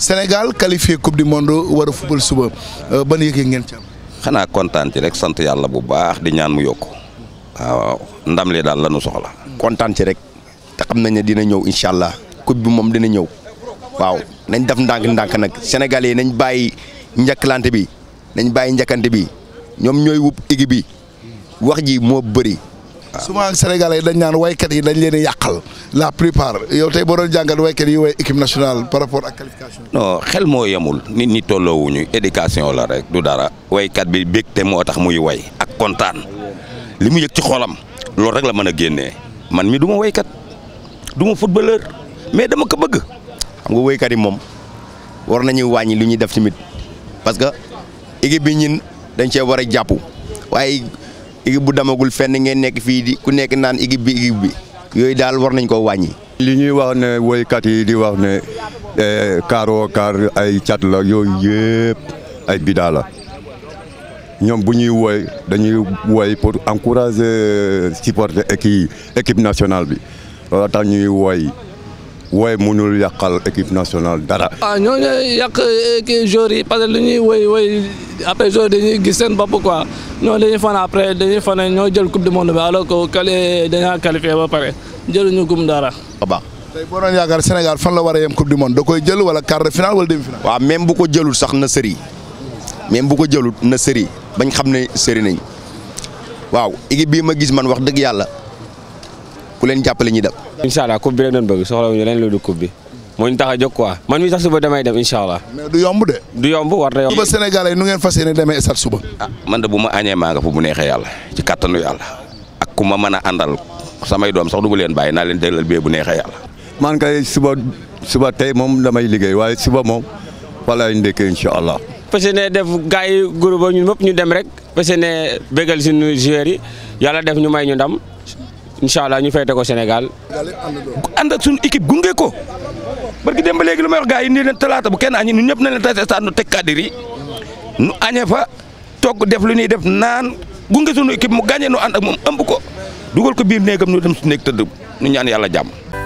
Sénégal qualifié coupe du monde war a football suba euh, ban yëg ngeen ci am. xanaa kontaan ci rek sant yàlla bu baax di ñaan mu yokk waaw ndam li daal la nu soxla. kontaan ci rek te xam nañ ne dina ñëw incha allah coupe bi moom dina ñëw waaw nañ def ndànk-ndànk nag Sénégal yi nañ bàyyi njëkkalante bi nañ bàyyi njëkkante bi ñoom ñooy wub équipe bi wax ji moo bëri. Ah. souvent sénégalais yi dañ naan waykat yi dañ leen di yàqal la plupart yow tey boo doon jàngat waykat yi way équipe nationale par rapport ak qualification non xel moo yemul nit ñi ñu éducation la rek du dara waykat bi bégte moo tax muy way ak kontaan li mu yëg ci xoolam loolu rek la mën a génnee man mi du ma waykat du ma footballeur mais dama ko bëgg xam nga waykat yi moom war nañuy wàññi lu ñuy def tamit parce que équipe bi ñin dañ cee war a jàpp waaye équipe bu damagul fenn ngeen nekk fii di ku nekk naan équipe bi équipe bi yooyu daal war nañ koo wàññi. li ñuy wax ne woykat yi di wax ne eh, kaaroo kaar ay cat la yooyu yëpp ay bidaa la ñoom bu ñuy woy dañuy woy pour encourager supporter équipe équipe nationale bi loolu tax ñuy woy. waaye mënul yàqal équipe nationale dara. waaw ah, ñooñu yàq eh, kii joueurs yi parce que lu ñuy woy woy après joueurs dañuy gis seen bopp quoi ñoo dañuy fan après dañuy fan ñoo jël coupe du monde bi alors que quali dañaa qualifié ba pare jëluñu gum dara. Ah, ba tey boo doon yaakaar Sénégal fan la war a yem coupe du monde da koy jël wala quart de finale wala demi finale. waaw même bu ko jëlul sax na sëri même bu ko jëlul na sëri bañ xam ne sëri nañ waaw équipe bii ma gis man wax dëgg yàlla. ku leen jàppale ñuy dem. incha allah coupe bi rek doon bëgg soxla wuñu leen loolu coupe bi moo ñu tax a jóg quoi man mi sax suba damay dem incha allah. mais du yomb de. du yomb war na yomb. suba Sénégalais nu ngeen fas yéene demee stade suba. ah man de bu ma añee maa nga fu bu neexee yàlla ci kattanu yàlla ak ku ma mën a àndal samay doom sax du ma leen bàyyi naa leen déglal bee bu neexee yàlla. man kay suba suba tey moom damay liggéey waaye suba moom walaay ndekkee incha allah. parce que ne def gars yi groupe ñun ñëpp ñu dem rek parce que ne bégal suñu joueurs yi yàlla def ñu may ñu ndam incha allah ñu féete ko Sénégal. ànd ak suñu équipe gunge ko parce que dem ba léegi lu may wax gars yi nii leen talaata bu kenn añi ñun ñëpp na leen tase stade nu teg cadre yi nu añee fa togg def lu ñuy def naan gunge sunu équipe mu gagné nu ànd ak moom ëmb ko dugal ko biir néegam ñu dem su néeg tëdd nu ñaan yàlla jàmm.